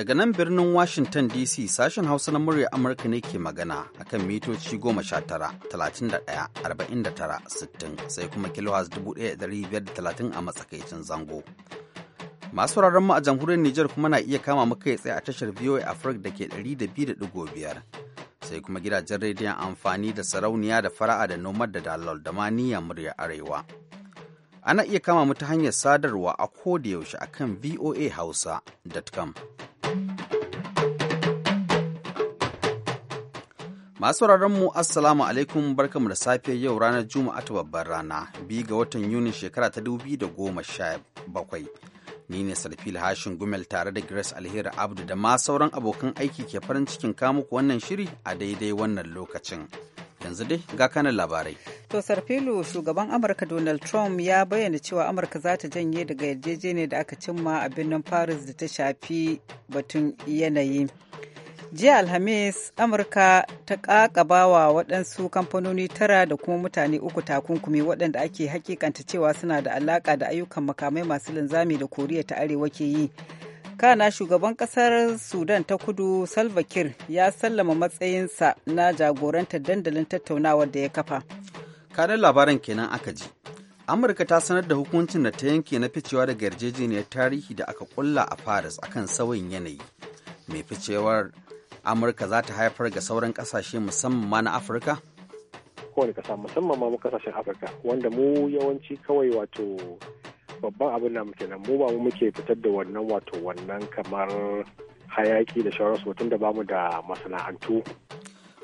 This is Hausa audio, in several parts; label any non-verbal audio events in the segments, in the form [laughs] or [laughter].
Daga nan birnin Washington DC sashen Hausa na murya Amurka ne ke magana a kan mitoci 19-31-49-60 sai kuma kilohaz 1530 a matsakaicin zango. Masu wuraren mu a jamhuriyar Nijar kuma na iya kama mu kai tsaye a tashar VOA Africa da ke 200.5 sai kuma gidajen rediyon amfani da sarauniya da fara'a da nomad da dalol da maniya niyyar murya arewa. ana iya kama mu ta hanyar sadarwa a kodayaushe a kan voahausa.com. Masu mu Assalamu alaikum barkamu da safe yau ranar Juma'a ta babbar rana, biyu ga watan Yuni shekara ta da goma sha bakwai. Ni ne Sarfil Hashin Gumel tare da Grace Alheri Abdu da ma sauran abokan aiki ke farin cikin kamuku wannan shiri a daidai wannan lokacin. yanzu dai ga kanan labarai to sarfilu shugaban amurka donald trump ya bayyana cewa amurka za ta janye daga yarjejeniyar da aka cimma a birnin paris da ta shafi batun yanayi jiya alhamis amurka ta kakabawa waɗansu kamfanoni tara da kuma mutane uku takunkumi waɗanda ake hakikanta cewa suna da alaƙa da ayyukan makamai masu linzami da koriya ta arewa ke yi kana shugaban kasar sudan ta kudu salva kiir ya sallama matsayinsa na jagorantar dandalin tattaunawar da ya kafa kanan labaran kenan aka ji amurka ta sanar da hukuncin da ta yanke na ficewa daga yarjejeniyar tarihi da aka kulla a paris akan sauyin yanayi mai ficewar amurka za ta haifar ga sauran kasashe musamman ma na afirka kowane kasa musamman ma mu kasashen afirka wanda mu yawanci kawai wato babban abin da muke nan mu ba mu muke fitar da wannan wato wannan kamar hayaki da su, batun da bamu da masana'antu.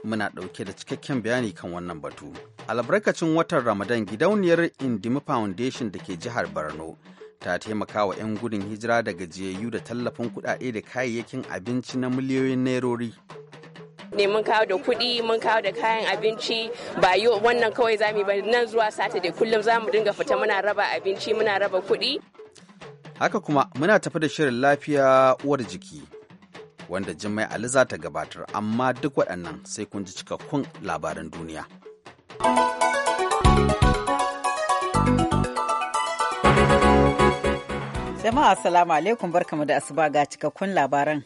Muna ɗauke da cikakken bayani kan wannan batu. Albarkacin watan Ramadan gidauniyar Indimu Foundation da ke jihar Borno ta taimaka wa 'yan gudun hijira da gajiyayyu da tallafin kuɗaɗe da kayayyakin abinci na miliyoyin nairori ne mun kawo da kuɗi mun kawo da kayan abinci ba yi wannan kawai zamu ba nan zuwa sata da kullum zamu dinga fita muna raba abinci muna raba kuɗi haka kuma muna tafi da shirin lafiya uwar jiki wanda jimai aliza ta gabatar amma duk waɗannan sai kun ji cikakkun labaran duniya jama'a assalamu alaikum barkamu da asuba ga cikakkun labaran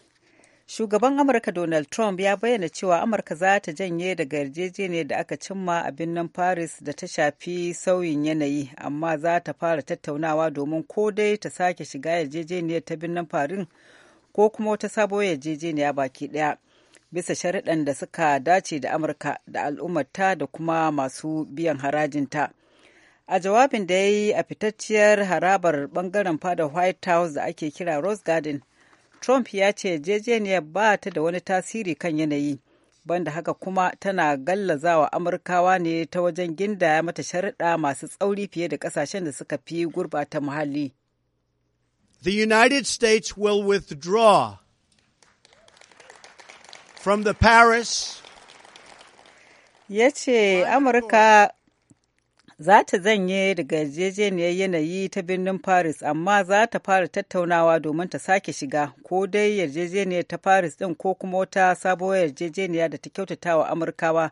Shugaban Amurka Donald Trump ya bayyana cewa Amurka za ta janye daga yarjejeniyar da aka cimma a birnin Paris da ta shafi sauyin yanayi, amma za ta fara tattaunawa domin ko dai ta sake shiga yarjejeniyar ta birnin Paris ko kuma wata sabuwar yarjejeniya baki ɗaya. bisa sharaɗan da suka dace da amurka da al'ummarta da kuma masu biyan harajinta a jawabin da ya yi a fitacciyar harabar bangaren fadar white house da ake kira rose garden Trump ya ce yarjejeniyar ba ta da wani tasiri kan yanayi, banda haka kuma tana gallazawa Amurkawa ne ta wajen gindaya mata sharaɗa masu tsauri fiye da ƙasashen da suka fi gurbata muhalli. The United States will withdraw from the Paris ya ce amurka za ta zanye daga yarjejeniyar yanayi ta birnin Paris amma za ta fara tattaunawa domin ta sake shiga ko dai yarjejeniyar ta Paris ɗin ko kuma wata sabuwar yarjejeniya da ta kyautata wa Amurkawa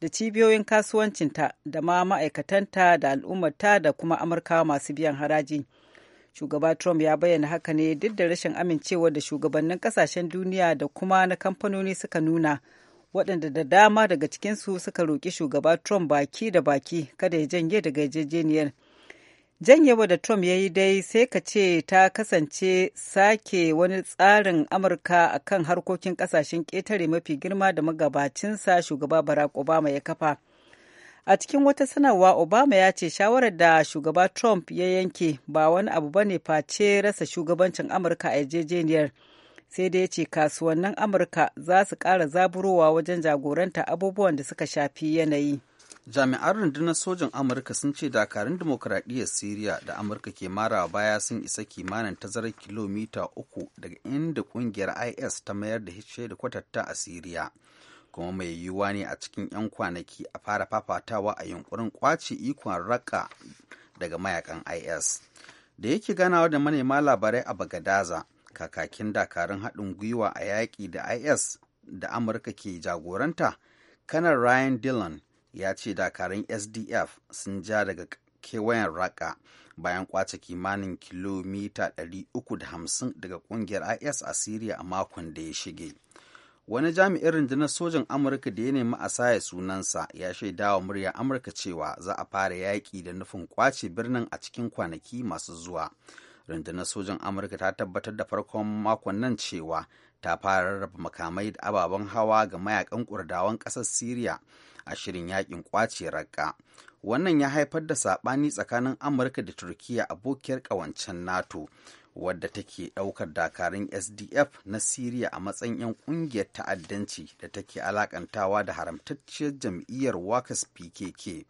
da cibiyoyin kasuwancinta da ma ma'aikatanta da al'ummarta da kuma Amurkawa masu biyan haraji. Shugaba Trump ya bayyana haka ne duk da rashin amincewa da shugabannin kasashen duniya da kuma na kamfanoni suka nuna waɗanda da dama daga cikinsu suka roƙi shugaba Trump baki da baki kada ya janye daga yarjejeniyar. Janyewa da Trump ya yi dai sai ka ce ta kasance sake wani tsarin Amurka a kan harkokin ƙasashen ƙetare mafi girma da magabacinsa shugaba Barack Obama ya kafa. A cikin wata sanarwa Obama ya ce shawarar da shugaba Trump ya yanke ba wani abu bane face rasa shugabancin Amurka a yarjejeniyar. sai da ya ce kasuwannin amurka za su ƙara zaburowa wajen jagoranta abubuwan da suka shafi yanayi jami'an rundunar sojan amurka sun ce dakarun demokuraɗiyyar siriya da amurka ke mara baya sun isa kimanin tazarar kilomita uku daga inda ƙungiyar is ta mayar da kwatatta a siriya kuma mai yiwuwa ne a cikin 'yan kwanaki a fara fafatawa a yunkurin kwace ikon raka daga mayakan is da yake ganawa da manema labarai a bagadaza kakakin dakarun haɗin gwiwa a yaƙi da is da amurka ke jagoranta kanar ryan dillon ya ce dakarun sdf sun ja daga kewayen raƙa bayan ƙwace kimanin kilomita 350 daga ƙungiyar is a syria a makon da ya shige wani jami'in rundunar sojan amurka da ya nemi a saya sunansa ya shaida wa murya amurka cewa za a fara yaƙi da nufin ƙwace birnin a cikin kwanaki masu zuwa rundunar sojan amurka ta tabbatar da farkon makon nan cewa ta fara rarraba makamai da ababen hawa ga mayakan kurdawan ƙasar syria a shirin yakin kwace raƙa wannan ya haifar da saɓani tsakanin amurka da turkiya abokiyar ƙawancen nato wadda take ɗaukar dakarun sdf na syria a matsayin 'yan ƙungiyar ta'addanci da take alakantawa da haramtacciyar jam'iyyar wakas pkk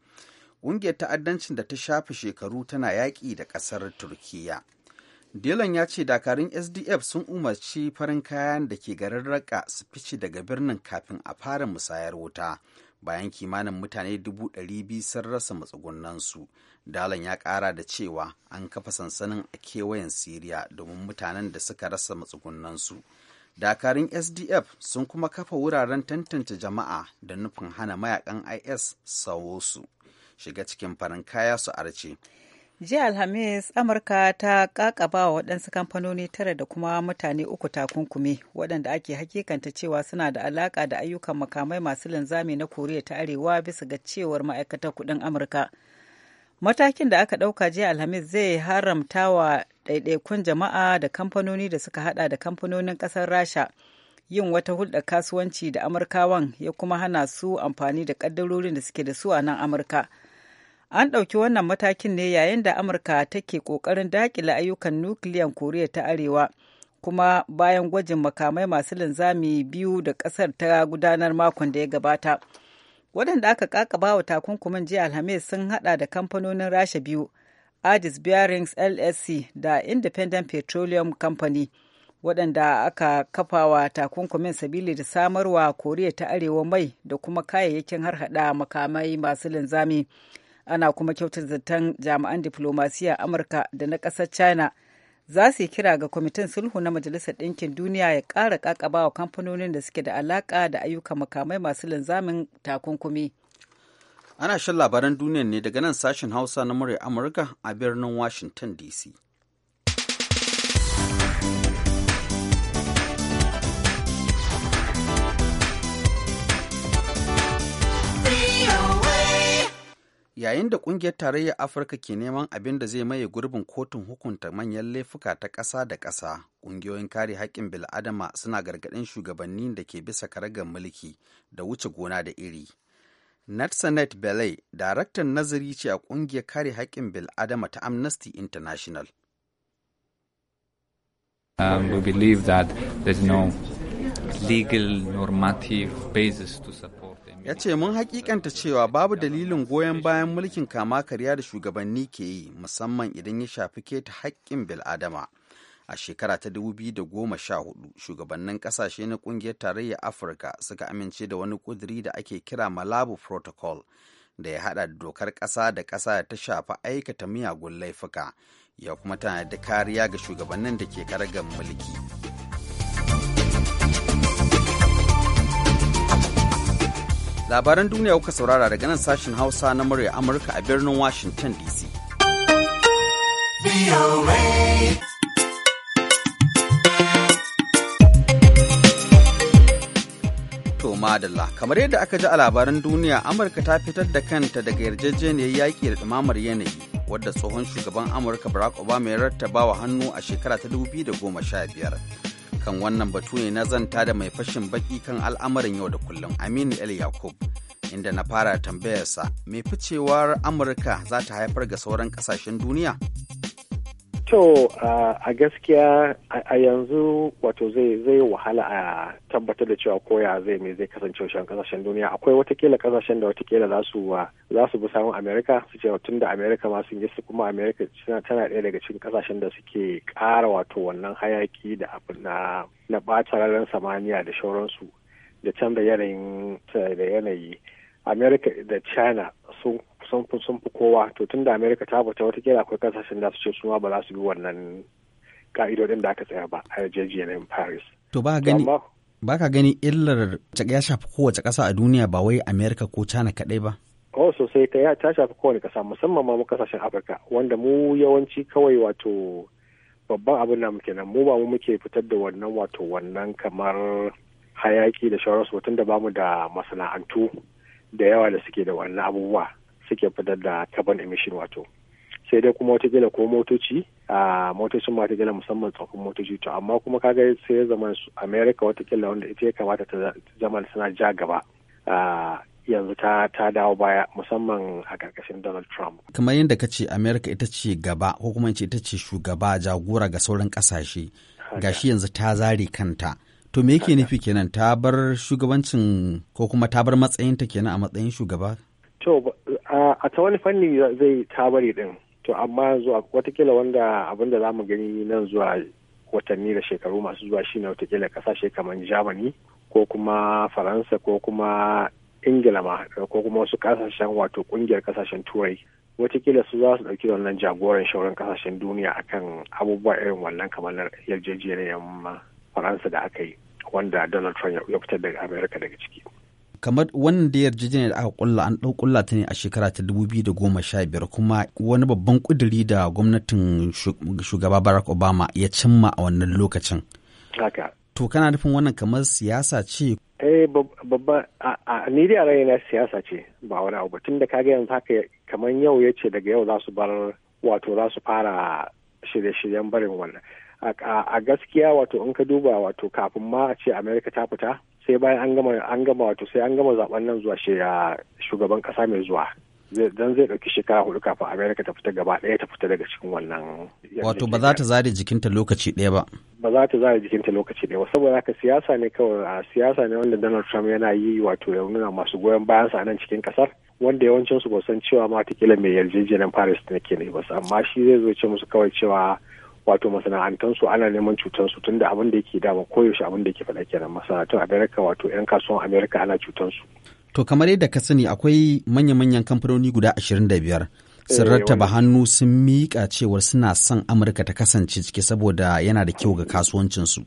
ƙungiyar ta'addancin da ta shafe shekaru tana yaƙi da ƙasar turkiya Dilan ya ce dakarun SDF sun umarci farin kayan da ke garin raka su fice daga birnin kafin a fara musayar wuta. Bayan kimanin mutane dubu ɗari biyu sun rasa matsugunansu, Dalan ya ƙara da cewa an kafa sansanin a kewayen Siriya domin mutanen da suka rasa matsugunansu. Dakarun SDF sun kuma kafa wuraren tantance jama'a da nufin hana mayakan IS sawo su shiga cikin farin kaya su arce. jiya alhamis amurka ta kakaba wa waɗansu kamfanoni tara da kuma mutane uku takunkumi waɗanda ake hakikanta cewa suna da alaƙa da ayyukan makamai masu linzami na koriya ta arewa bisa ga cewar ma'aikatar kuɗin amurka matakin da aka ɗauka jiya alhamis zai haramta wa ɗaiɗaikun jama'a da kamfanoni da suka haɗa da kamfanonin ƙasar rasha yin wata hulɗar kasuwanci da amurkawan ya kuma hana su amfani da ƙaddarorin da suke da su a nan amurka An ɗauki wannan matakin ne yayin da Amurka take ƙoƙarin daƙile ayyukan nukiliyan Koriya ta Arewa, kuma bayan gwajin makamai masu linzami biyu da ƙasar ta gudanar makon da ya gabata. Waɗanda aka ƙaƙaba wa takunkumin jiya Alhamis sun haɗa da kamfanonin Rasha biyu, Ajis Bearings LSC da Independent Petroleum Company, waɗanda aka kafawa takunkumin sabili da samarwa Koriya ta Arewa mai da kuma kayayyakin harhaɗa makamai masu linzami. ana kuma kyautar zaton jami'an diflomasiyya amurka da na ƙasar china za su yi kira ga kwamitin sulhu na majalisar ɗinkin duniya ya ƙara ƙaƙaba wa kamfanonin da suke da alaƙa da ayyukan makamai masu linzamin takunkumi ana shan labaran duniya ne daga nan sashen hausa na murya amurka a birnin washington dc yayin da kungiyar tarayyar afirka ke neman abin da zai maye gurbin kotun hukunta manyan laifuka ta ƙasa da ƙasa ƙungiyoyin kare haƙƙin bil'adama suna gargaɗin shugabannin da ke bisa karagar mulki da wuce gona da iri natsanet belay daraktan nazari ce a ƙungiyar kare haƙƙin bil'adama ta amnesty international um, we believe that there's no legal normative basis to support ya ce mun hakikanta cewa babu dalilin goyon bayan mulkin kama karya da shugabanni ke yi musamman idan ya shafi keta haƙƙin bil'adama a shekara ta 2014 shugabannin ƙasashe na ƙungiyar tarayyar afirka suka amince da wani ƙuduri da ake kira malabu protocol da ya haɗa dokar ƙasa da ƙasa da ta shafi aikata miyagun laifuka ya kuma tana da kariya ga shugabannin da ke karagar mulki labaran duniya kuka saurara daga nan sashen hausa na murya amurka a birnin washington dc to madalla kamar yadda aka ji a labaran duniya amurka ta fitar da kanta daga yarjejeniyar yaƙi da ɗumamar yanayi wadda tsohon shugaban amurka barack obama ya rattaba wa hannu a shekara ta 2015 kan wannan batu ne na zanta da mai fashin baki kan al'amarin yau da kullum aminu el yakub inda na fara tambayarsa mai ficewar amurka za ta haifar ga sauran kasashen duniya To a gaskiya a yanzu wato zai wahala a tabbatar da cewa koya zai me zai kasance shan kasashen duniya akwai watakila kasashen da watakila za su za bi samun Amerika su ce tun da Amerika ma sun yi su kuma Amerika tana ɗaya daga cikin kasashen da suke ƙara wato wannan hayaki da abu na na ɓata ranar samaniya da shauransu da canza da yanayi Amerika da China su sun fi sun fi kowa to tun da amerika ta wata kera akwai kasashen da su ce suma ba za su bi wannan ka'idodin da aka tsaya ba a yarjejeniyar paris to ba gani ba ka gani illar ya shafi kowace ƙasa a duniya ba wai amerika ko china kaɗai ba oh sosai ta ya ta shafi kowane ƙasa musamman ma mu kasashen afirka wanda mu yawanci kawai wato babban abin na muke nan mu ba mu muke fitar da wannan wato wannan kamar hayaki da shawararsu tun da bamu da masana'antu da yawa da suke da wannan abubuwa suke fitar da carbon emission wato sai dai kuma wata gila ko motoci a motocin ma gila musamman tsofin motoci to amma kuma kaga sai zaman su wata gila wanda ita ya kamata ta zama suna ja gaba yanzu ta ta dawo baya musamman a karkashin donald trump kamar yadda ka ce america ita ce gaba ko kuma ita ce shugaba jagora ga sauran kasashe gashi yanzu ta zare kanta To me yake nufi kenan ta bar shugabancin ko kuma ta bar matsayinta kenan a matsayin shugaba? To a ta wani fanni zai ta bari din. To amma zuwa watakila wanda abin da za mu gani nan zuwa watanni da shekaru masu zuwa shine watakila kasashe kamar Germany ko kuma Faransa ko kuma Ingila ma ko kuma wasu kasashen wato kungiyar kasashen Turai. watakila su za su ɗauki wannan jagoran shauran kasashen duniya akan abubuwa irin wannan kamar yarjejeniyar faransa da aka yi wanda donald trump ya fitar daga amerika daga ciki kamar wannan da yarjejeniyar aka kulla an ɗau kulla ta ne a shekara ta da goma sha biyar kuma wani babban ƙuduri da gwamnatin shugaba barack obama ya cimma a wannan lokacin haka to kana nufin wannan kamar siyasa ce eh babba a ni dai a na siyasa ce ba wani abu tun da kaga yanzu haka kamar yau ya ce daga yau za su bar wato za su fara shirye-shiryen barin wannan a gaskiya wato in ka duba wato kafin ma a ce Amerika ta fita sai bayan an gama an gama wato sai an gama zaben nan zuwa shugaban kasa mai zuwa dan zai ɗauki shekara hudu kafin america ta fita gaba ɗaya ta fita daga cikin wannan wato ba za ta zare jikinta lokaci ɗaya ba ba za ta zare jikinta lokaci ɗaya ba saboda haka siyasa ne kawai a siyasa ne wanda donald trump yana yi wato ya nuna masu goyon bayan sa nan cikin kasar wanda yawancin su ba san cewa ma ta kila mai yarjejeniyar paris ne ke ne ba amma shi zai zo ce musu kawai cewa wato masana'antansu ana neman su tunda abin da yake dama koyaushe abin da yake faɗa kenan masana'antun amerika wato 'yan kasuwan amerika ana su to kamar yadda ka sani akwai manya-manyan kamfanoni guda ashirin da biyar eh, sun rattaba hannu sun miƙa cewar suna son amurka ta kasance ciki saboda yana da kyau ga mm. kasuwancinsu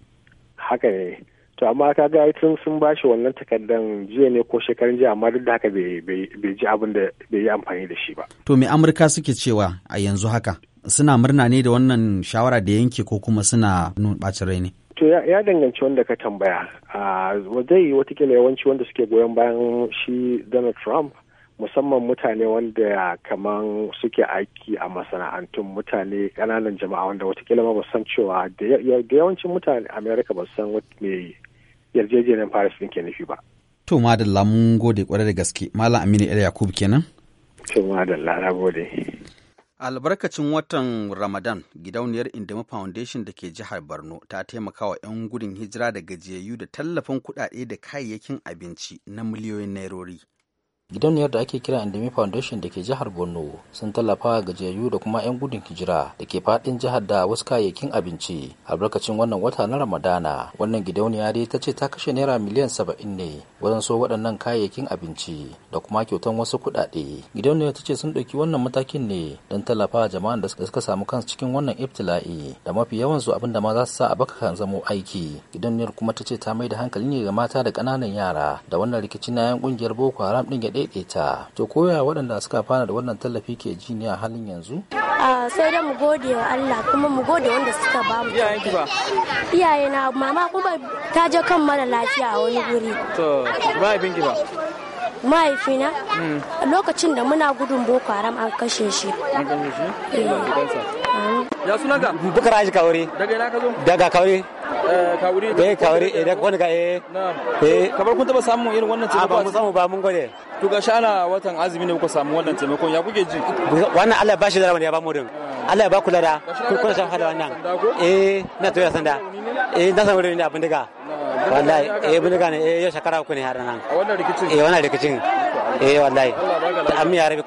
haka ne to amma ka ga tun sun ba shi wannan takardar jiya ne ko shekarun jiya amma duk da haka bai ji abin da bai yi amfani da shi ba to me amurka suke cewa a yanzu haka suna murna ne da wannan shawara da yanke ko kuma suna nun bacin rai ne to ya danganci wanda ka tambaya zai yi watakila yawanci wanda suke goyon bayan shi donald trump musamman mutane wanda kaman suke aiki a masana'antun mutane kananan jama'a wanda watakila ma ba san cewa da yawancin mutane Amerika ba san me yarjejeniyar paris din ke nufi ba to madalla mun gode kwarai da gaske malam aminu el yakub kenan to madalla na gode albarkacin watan ramadan gidauniyar indama foundation da ke jihar borno ta taimaka wa 'yan gudun hijira da gajiyayyu da tallafin kudade da kayayyakin abinci na miliyoyin nairori gidauniyar da ake kira indemi foundation da ke jihar borno sun tallafa gajiyayyu da kuma 'yan gudun hijira da ke fadin jihar da wasu kayayyakin abinci a albarkacin wannan wata na ramadana wannan gidauniya dai ta ce ta kashe naira miliyan saba'in ne wajen so waɗannan kayayyakin abinci da kuma kyautan wasu kuɗaɗe gidauniyar ta ce sun ɗauki wannan matakin ne don tallafa jama'an da suka samu kansu cikin wannan iftila'i da mafi yawan su abin da ma za su sa a baka kan zamo aiki gidauniyar kuma ta ce ta mai da hankali ne ga mata da ƙananan yara da wannan rikicin na 'yan ƙungiyar boko haram ɗin ya daidaita to koya waɗanda suka fara da wannan tallafi ke ji ne a halin yanzu ah, sai dai mu gode wa Allah kuma mu gode wanda suka ba mu iyaye na mama kuma ta je kan mara lafiya a wani guri to ba ba mahaifina hmm. lokacin da muna gudun boko haram an kashe shi eh. ya suna ga daga ina ka zo daga kawuri eh, kawuri eh, wani ga eh eh kun taba irin wannan ce ah, ba mu samu ba mun gode to gashi ana watan azumi ne kuka samu wannan taimakon ya kuke ji wannan Allah ba shi da ya ba mu din Allah ya ba ku lada ku eh, kuna shan hada wannan eh na to ya sanda eh na san wurin ne abin daga wallahi eh bin daga ne eh ya shakara ku ne har nan wannan rikicin eh wannan rikicin eh wallahi amma ya rabi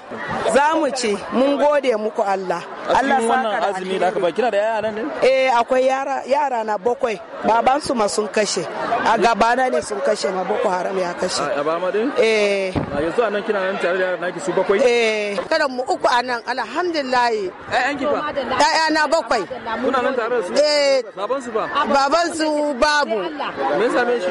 za mu ce mun gode muku Allah Allah saka da azumi da aka ba kina da yara nan eh akwai yara yara na bakwai baban su ma sun kashe a gabana ne sun kashe ma boko haram ya kashe a ba ma din eh yanzu a nan kina nan tare da yara naki su bakwai eh kada mu uku a nan alhamdulillah ƴaƴan ki fa ƴaƴa na bakwai kuna nan tare da su eh baban su ba baban su babu me yasa me shi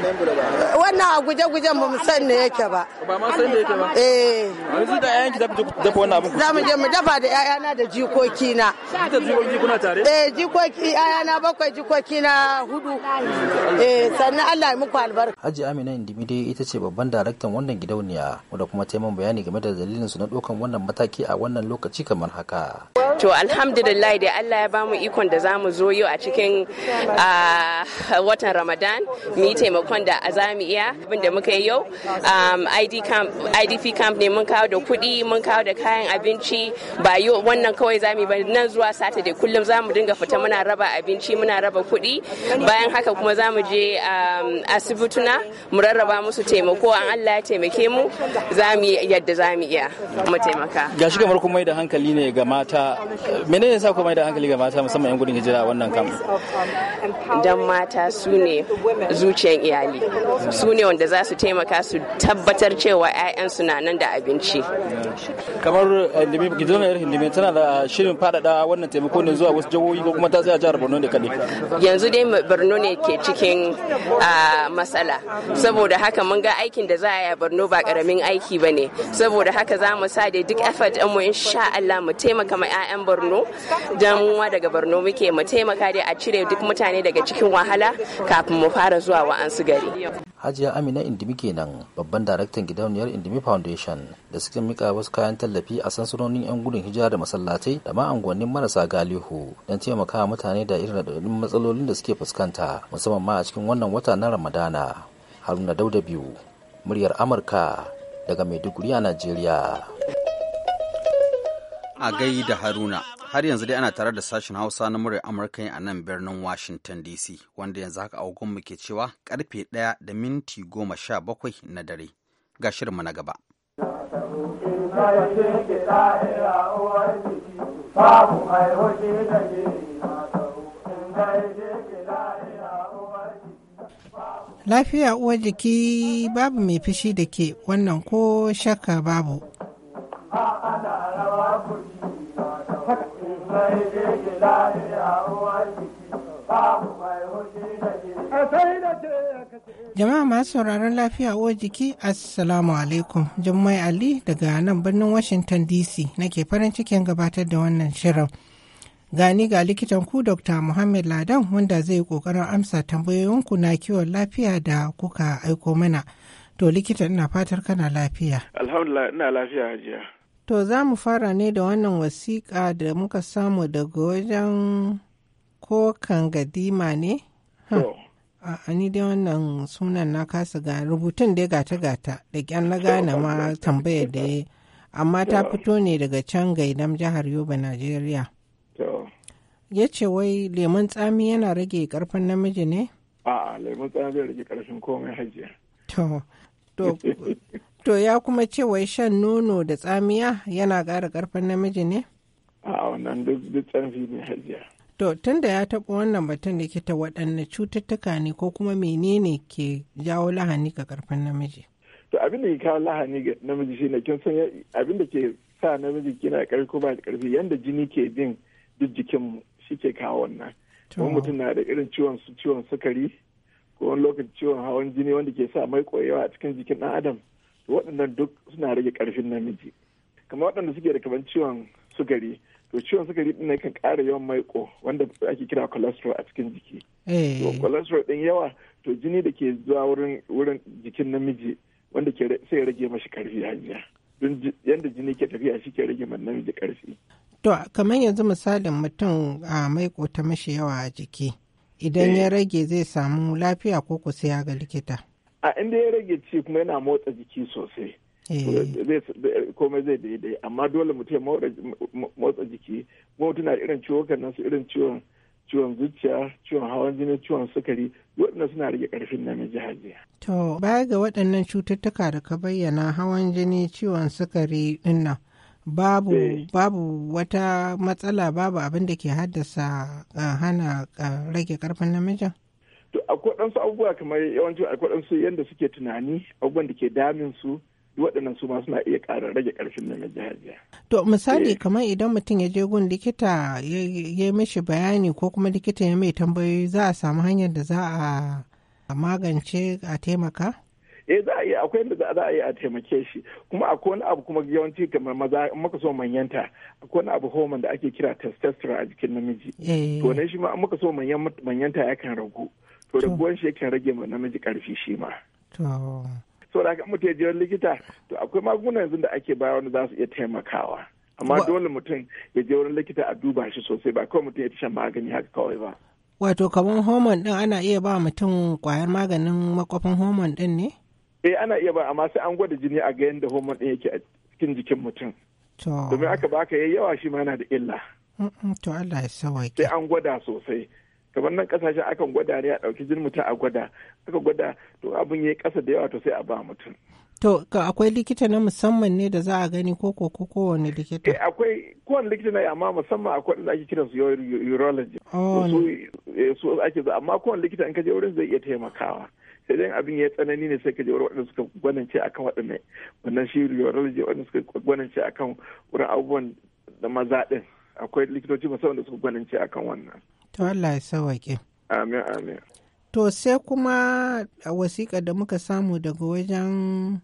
wannan a guje-gujen ba mu san ne yake ba ba ma san ne yake ba eh yanzu da ƴaƴan ki da dafa tana muku za mu je mu dafa da yayana da jikoki na ita jikoki kuna tare eh jikoki yayana bakwai jikoki na hudu eh sannan Allah ya muku albarka Haji Amina Indimide ita ce babban daraktan wannan gidauniya wanda kuma ta yi bayani game da dalilin su na dokan wannan mataki a wannan lokaci kamar haka to alhamdulillah dai Allah ya bamu ikon da zamu zo yau a cikin watan Ramadan mu yi taimakon da za iya abin da muka yi yau um, IDP camp ne mun kawo da kuɗi mun kawo da kayan kayan abinci ba yi wannan kawai za mu ba nan zuwa saturday kullum za mu dinga fita muna raba abinci muna raba kuɗi bayan haka kuma za mu je um, asibituna mu rarraba musu taimako an allah ya taimake mu za mu yi yadda za mu iya mu taimaka ga shi kamar kuma mai da hankali ne ga mata menene sa kuma mai da hankali ga mata musamman yan gudun hijira wannan kam dan mata su ne zuciyan iyali su ne wanda za su taimaka su tabbatar cewa 'ya'yansu na nan da abinci kamar kamar eh, tana da shirin faɗaɗa wannan taimako ne zuwa wasu jihohi ko kuma ta tsaya jihar borno ne yanzu dai borno ne ke cikin ah, matsala saboda haka mun ga aikin da za a yi a borno ba karamin aiki ba ne saboda haka za mu sa da duk effort mu insha Allah mu taimaka ma 'ya'yan borno don wa daga borno muke mu taimaka dai a cire duk mutane daga cikin wahala kafin mu fara zuwa wa'ansu gari Hajiya Amina Indimi kenan babban daraktan gidauniyar Indimi Foundation da suka mika wasu kayan tallafi a sansanonin 'yan gudun hijira da masallatai da ma marasa galihu don taimakawa mutane da irin raɗaɗin matsalolin da suke fuskanta musamman ma a cikin wannan wata na Ramadana. Haruna Dauda biyu muryar Amurka daga Maiduguri a Najeriya. A gaida Haruna. har yanzu dai ana tare da sashen hausa na muryar amurka a nan birnin washington dc wanda yanzu haka mu ke cewa karfe ɗaya da minti goma sha bakwai na dare ga shirinmu na gaba lafiya uwar jiki babu mai fushi da ke wannan ko shakka babu Jama'a masu sauraron lafiya uwar jiki, Assalamu alaikum. Jummai Ali daga nan birnin Washington DC nake farin cikin gabatar da wannan shirin. Gani ga likitan ku Dr. Muhammad Ladan wanda zai yi kokarin amsa tambayoyinku na kiwon lafiya da kuka aiko mana. To likitan ina fatar kana lafiya. Alhamdulillah ina lafiya hajiya. To za mu fara ne da wannan wasiƙa da muka samu daga wajen ko gadima ne? A ni dai wannan sunan na kasa ga rubutun dai gata-gata da ƙyan na gane ma tambayar da ya amma ta fito ne daga can gaidam jihar Yoba, Najeriya. Ya ce wai lemun tsami yana rage ƙarfin namiji ne? A'a lemun tsami zai rage ƙarfin komai hajiya. To, [laughs] To ya kuma ce wai shan nono da tsamiya yana ƙara ƙarfin namiji ne? A wannan duk tsamfi ne hajiya. To tun da ya taɓa wannan batun likita waɗanne cututtuka ne ko kuma menene ke jawo lahani ga ƙarfin namiji? To abinda da ke kawo lahani ga namiji shine kin san abin ke sa namiji kina ƙarfi ko ba da ƙarfi yanda jini ke bin duk jikin shi ke kawo wannan. Kuma mutum na da irin ciwon ciwon sukari ko wani lokacin ciwon hawan jini wanda ke sa mai koyewa a cikin jikin ɗan adam. waɗannan duk suna rage ƙarfin namiji kamar waɗanda suke da kamar ciwon sukari to ciwon sukari ɗin kan ƙara yawan maiƙo wanda ake kira cholesterol a cikin jiki to eh. cholesterol ɗin yawa to jini da ke zuwa wurin jikin namiji wanda ke sai rage mashi ƙarfi hajiya don yadda jini ke tafiya shi ke rage man namiji ƙarfi to kamar yanzu misalin mutum a maiƙo ta mashi yawa a jiki idan eh. ya rage zai samu lafiya ko ku sai ya ga likita a inda ya rage ci kuma yana motsa jiki sosai eh. komai zai daidai amma dole mutum ya motsa jiki kuma mutum na irin ciwon nan su irin ciwon ciwon zuciya ciwon hawan jini ciwon sukari waɗanda suna rage ƙarfin namiji hajiya. to baya ga waɗannan cututtuka da ka bayyana hawan jini ciwon sukari dinnan babu eh. babu wata matsala babu abin da ke haddasa hana rage karfin namijin to akwai su abubuwa kamar yawanci akwai su yadda suke tunani abubuwan da ke damin su waɗannan su ma suna iya ƙara rage ƙarfin na jihajiya. To misali eh. kamar idan mutum ya je gun likita ya mishi bayani ko kuma likita ya mai tambayoyi za a samu hanyar da za a magance a taimaka? eh za a yi akwai yadda za a yi a taimake shi kuma akwai wani abu kuma yawanci kamar maza muka so manyanta akwai wani abu hormone da ake kira testosterone a jikin namiji eh. to ne shi ma muka so manyanta yakan ragu to buwan shi yakan rage ma namiji karfi shi ma To da haka mutum ya je likita to akwai magunguna yanzu da ake bayar wanda za su iya taimakawa amma dole mutum ya je wurin likita a duba shi sosai ba kawai mutum ya ta magani haka kawai ba wato kamar homon din ana iya ba mutum kwayar maganin makofin homon din ne eh ana iya ba amma sai an gwada jini a ga yadda homon din yake a cikin jikin mutum domin aka baka yayi yawa shi ma yana da illa to Allah ya sawaike sai an gwada sosai kamar nan kasashen akan gwada ne a ɗauki jin mutum a gwada aka gwada to abin ya yi ƙasa da yawa to sai a ba mutum. To akwai likita na musamman ne da za a gani ko ko ko kowane likita? Eh akwai kowane likita na amma musamman akwai da ake kiransu urology. Oh, eh, su ake za amma kowane likita in ka je wurin zai iya taimakawa. sai dai abin ya tsanani ne sai ka je waɗanda suka gwanance akan waɗannan wannan shi urology waɗanda suka gwanance akan wurin abubuwan da maza ɗin akwai likitoci musamman da suka gwanance akan wannan. To Allah ya sawaƙe. Amin amin. To sai kuma a wasiƙa da muka samu daga wajen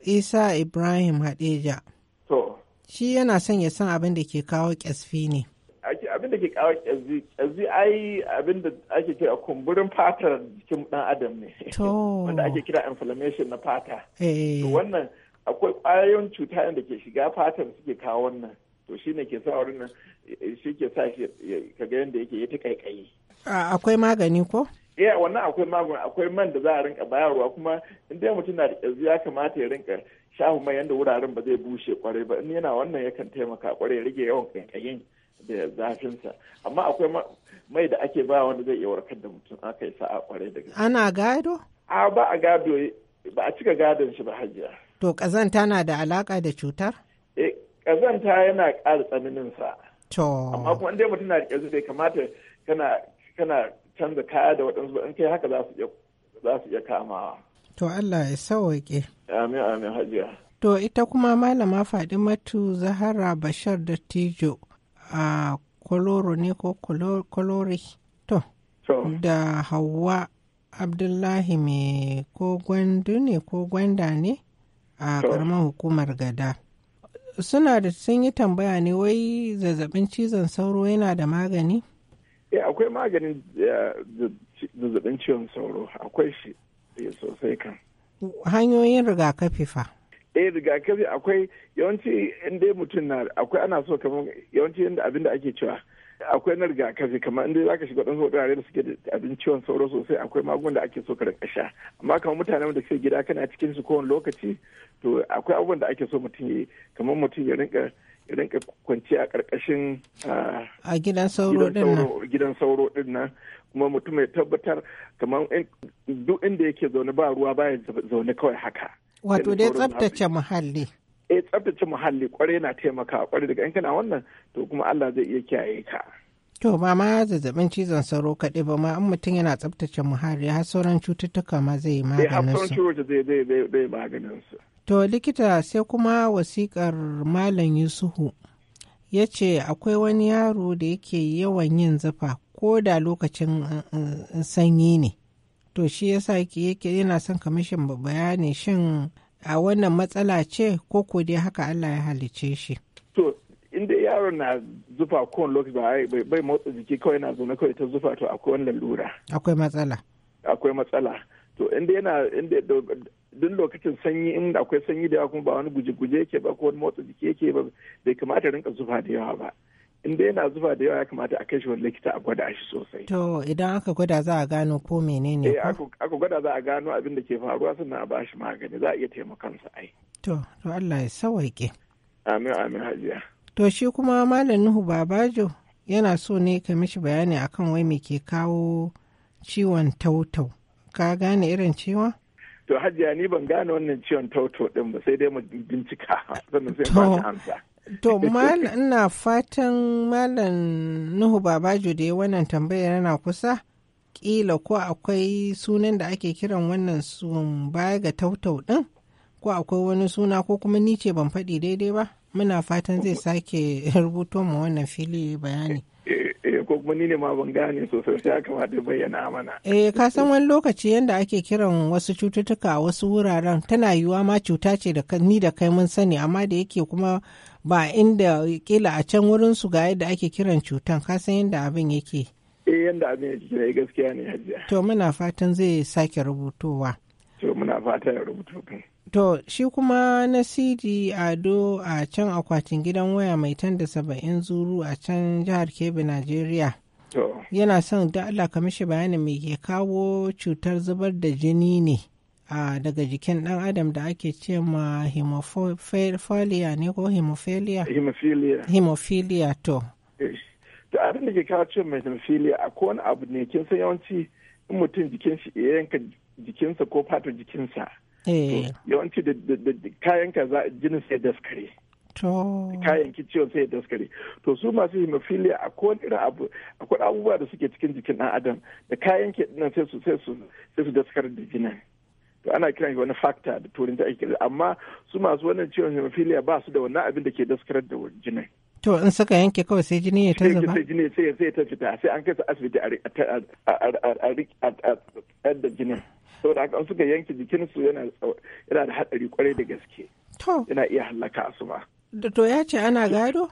Isa Ibrahim Hadeja. To. Shi yana son ya san abin da ke kawo ƙyasfi ne. Abin da ke kawo ƙyasfi, ƙyasfi ai abin da ake kira kumburin fatar jikin ɗan adam ne. To. [laughs] Wanda ake kira inflammation na fata. Eh. To wannan akwai ƙwayoyin cuta da ke shiga fatar suke kawo wannan. to shi ne ke sa wurin nan shi ke sa shi kaga yadda yake ya ta kaikayi akwai magani ko eh wannan akwai magani akwai man da za a rinka bayarwa kuma in dai mutum na da ya kamata ya rinka shahu mai yadda wuraren ba zai bushe kwarai ba in yana wannan yakan taimaka kwarai ya rage yawan kaikayin da zafinsa amma akwai mai da ake ba wanda zai iya warkar da mutum aka yi sa'a kwarai da ana gado a ba a gado ba a cika gadon shi ba hajiya to kazanta na da alaka da cutar eh ƙazanta yana ƙara sa Amma kuma dai mutum na riƙe su dai kamata kana kana canza kaya da waɗansu in kai haka za su iya kamawa. To Allah ya sauwaƙe. Amin amin hajiya. To ita kuma malama Fadimatu Zahara Bashar da Tijo a Koloro ne ko Kolori. To. Da Hauwa Abdullahi mai ko gwandu ne ko gwanda ne a ƙaramin hukumar gada. suna da sun yi tambaya ne wai zazzabin cizon sauro yana da magani? Eh akwai maganin eh, zazzabin cizon sauro akwai shi eh, sosai kan. Hanyoyin rigakafi fa. Eh rigakafi akwai yawanci inda mutum na akwai ana so kamar yawanci inda abin da ake cewa akwai na rigakafi kamar inda za ka shiga ɗan wurare da suke da abin ciwon sauro sosai akwai magungunan da ake so ka rinka sha amma kamar mutane da suke gida kana cikin su kowane lokaci to akwai abubuwan da ake so mutum ya yi kamar mutum ya rinka ya rinka kwanci a ƙarƙashin ah, a gidan sauro din nan gidan sauro din kuma mutum ya tabbatar kamar duk inda yake zaune ba ruwa baya zaune kawai haka wato dai tsabtace muhalli eh tsabtace muhalli kwarai na taimakawa kwarai daga in kana wannan to kuma Allah zai iya kiyaye ka to ba ma zazzabin cizon sauro kaɗai ba ma an mutum yana tsabtace muhalli har sauran cututtuka ma zai yi eh, maganin su zai zai maganin su to likita sai kuma wasikar malam Yusuhu ya ce akwai wani yaro da yake yawan yin zufa ko da lokacin eh, eh, sanyi ne to shi yasa yake yana son kamishin bayani shin a wannan matsala ce ko ko dai haka Allah ya halice shi. To inda yaron na zufa kowane lokaci bai motsa jiki kawai na zaune kawai ta zufa to akwai wannan lura. Akwai matsala. Akwai matsala. To inda yana inda duk lokacin sanyi in akwai sanyi da yawa kuma ba wani guje-guje yake ba ko wani motsa jiki yake ba bai kamata rinka zufa da yawa ba. in dai yana zuba da yawa ya kamata a kai shi wani likita a gwada shi sosai. To idan aka gwada za a gano ko menene eh, ko? Eh aka gwada za a gano abin da ke faruwa sannan a bashi magani za a iya taimakon sa ai. To to Allah ya sawaike. Amin amin hajiya. To shi kuma Malam Nuhu Babajo yana so ne ka mishi bayani akan wai me ke kawo ciwon tautau. Ka gane irin ciwon? To hajiya ni ban gane wannan ciwon tautau din ba sai dai mu bincika [laughs] sannan sai ba amsa. To, ina fatan Malam Nuhu Babaju da ya wannan tambayar yana kusa, ƙila ko akwai sunan da ake kiran wannan sun baya ga tautau ɗin, ko akwai wani suna ko kuma ni ce ban faɗi daidai ba, muna fatan zai sake [laughs] rubuto mu wannan fili bayani. Eh, eh, ko kuma ni ne ma ban gane sosai sai ya kamata bayyana mana. Eh ka san wani lokaci yanda ake kiran wasu cututtuka a wasu wuraren tana yiwuwa ma cuta ce da ni da kai mun sani amma da yake kuma ba inda kila a can wurin su ga yadda ake kiran cutan kasan yadda abin yake eh yadda abin yake eh, gaskiya ne hajiya to muna fatan zai sake rubutowa to muna fatan ya to shi kuma na cd ado a can akwatin gidan waya mai tan da saba'in zuru a can jihar kebbi najeriya yana son da allah ka mishi bayanin mai ke kawo cutar zubar da jini ne daga jikin ɗan adam da ake ce ma hemophilia ne ko hemophilia? Hemophilia. Hemophilia to. Da eh, abin da ke kawo ce mai hemophilia a wani abu ne kin san yawanci in mutum jikin shi ya yanka jikinsa ko fata jikinsa. Eh. Yawanci da kayan ka jinin sai daskare. To. Kayan ki ciwon sai daskare. To su masu hemophilia a kowane irin abu akwai abubuwa da suke cikin jikin ɗan adam da kayan ki nan sai su daskar da jinin. to ana kiran shi wani factor da da ake kira amma su masu wannan ciwon hemophilia ba su da wannan abin da ke daskarar da jinin to in suka yanke kawai sai jini ya ta zuba sai jini sai sai ta fita sai an kai su asibiti a da jinin saboda haka suka yanke jikinsu yana yana da hadari kwarai da gaske to yana iya halaka su ma. to ya ce ana gado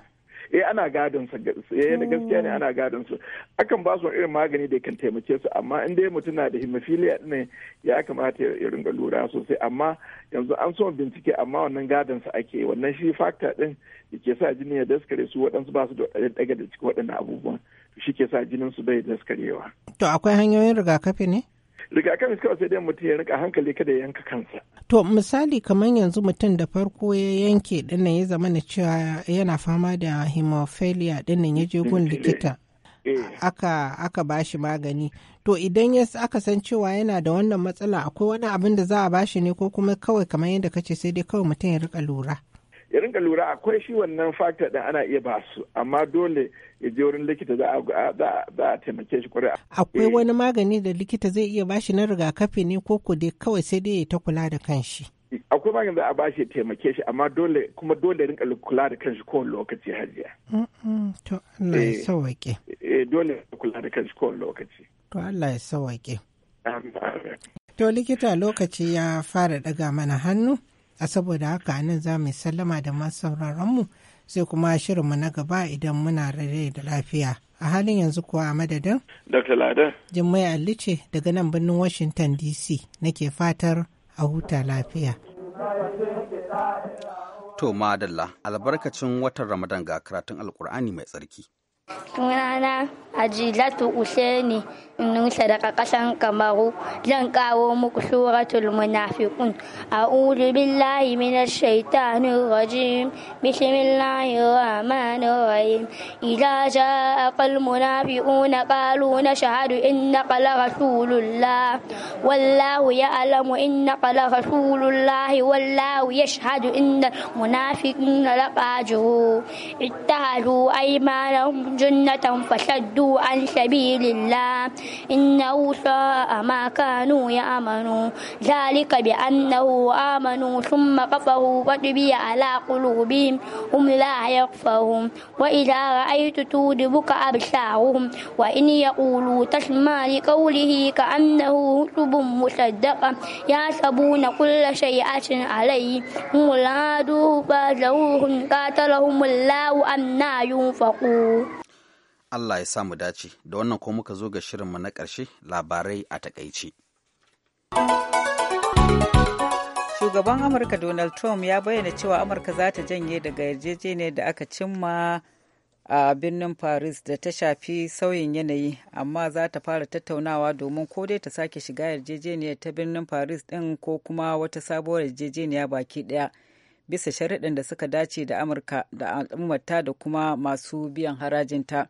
eh ana gadon sa eh da gaskiya ne mm. ana gadon su akan ba su irin magani da kan taimake su amma in dai mutum na da hemophilia ne ya kamata ya ringa lura sosai amma yanzu an so bincike amma wannan gadon sa ake wannan shi factor din da ke sa jini ya daskare su waɗansu ba su da daga cikin waɗannan abubuwan shi ke sa jinin su bai daskarewa to akwai hanyoyin rigakafi ne rigakafi kawai sai dai mutum ya rika hankali kada ya yanka kansa to misali kamar yanzu mutum da farko ya yanke dinnan ya zama na cewa yana fama da hemophilia nan ya je gun likita eh. aka aka bashi magani to idan ya aka san cewa yana da wannan matsala akwai wani abin da za a bashi ne ko kuma kawai kamar yadda kace sai dai kawai mutum ya rika lura ya rinka lura akwai shi wannan fakta da ana iya basu amma dole ya je wurin likita za a taimake shi kwarai. Akwai eh. wani magani da likita zai iya bashi na rigakafi ne ko ko dai kawai sai dai ya ta kula da kanshi. Akwai magani za a bashi ya taimake shi amma dole kuma dole rinka kula da kanshi ko lokaci hajiya. To Allah ya eh. sawaƙe. Eh dole kula da kanshi ko lokaci. To Allah ya sawaƙe. To likita lokaci ya fara daga mana hannu. A saboda haka nan za mu sallama da masu sauraronmu sai kuma shirinmu na gaba idan muna rai da lafiya. A halin yanzu kuwa a madadin? Dr. Lada. Jummai daga nan birnin Washington DC nake fatar a huta lafiya. To madalla albarkacin watan Ramadan ga karatun Alƙur'ani mai tsarki. وانا اجلت وساني انو سرق قسن كمارو لن قاوموا المنافقون اعوذ بالله من الشيطان الرجيم بسم الله الرحمن الرحيم اذا جاء المنافقون قالوا نشهد انك لرسول الله والله يعلم انك لرسول الله والله يشهد ان المنافقين لقاجوا اتخذوا ايمانهم جنتهم فشدوا عن سبيل الله إنه ساء ما كانوا يأمنوا ذلك بأنه آمنوا ثم كفروا وتبي على قلوبهم هم لا يكفرون وإذا رأيت تودبك أبشارهم وإن يقولوا تسمع لقوله كأنه كتب مصدقة يحسبون كل شيء عليه هم لا فازوهم قاتلهم الله أنا ينفقون Allah ya sa mu dace da wannan ko muka zo ga shirinmu na ƙarshe labarai a takaici. Shugaban Amurka Donald Trump ya bayyana cewa Amurka za ta janye daga yarjejeniyar da aka cimma a birnin Paris da ta shafi sauyin yanayi, amma za ta fara tattaunawa domin ko dai ta sake shiga yarjejeniyar ta birnin Paris ɗin ko kuma wata sabuwar yarjejeniya baki ɗaya. bisa sharaɗin da suka dace da amurka da al'ummata da kuma masu biyan harajinta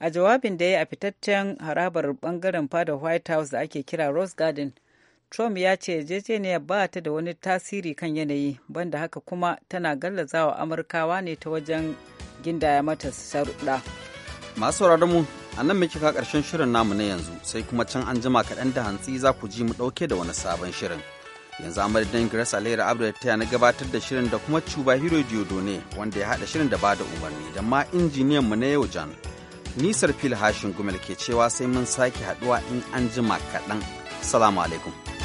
a jawabin da ya yi a fitaccen harabar bangaren fada white house da ake kira rose garden trump ya ce yarjejeniyar ba ta da wani tasiri kan yanayi banda haka kuma tana gallazawa amurkawa ne ta wajen gindaya mata sharuɗa masu mu a nan muke ka ƙarshen shirin namu na yanzu sai kuma can an jima kaɗan da hantsi za ku ji mu ɗauke da wani sabon shirin yanzu amma amadadin grace alayra abdul ta na gabatar da shirin da kuma cuba hero ne wanda ya haɗa shirin da ba da umarni da ma injiniyan mu na yau jan Nisar fil hashin gumel ke cewa sai mun sake haɗuwa in an jima kaɗan. Salamu alaikum.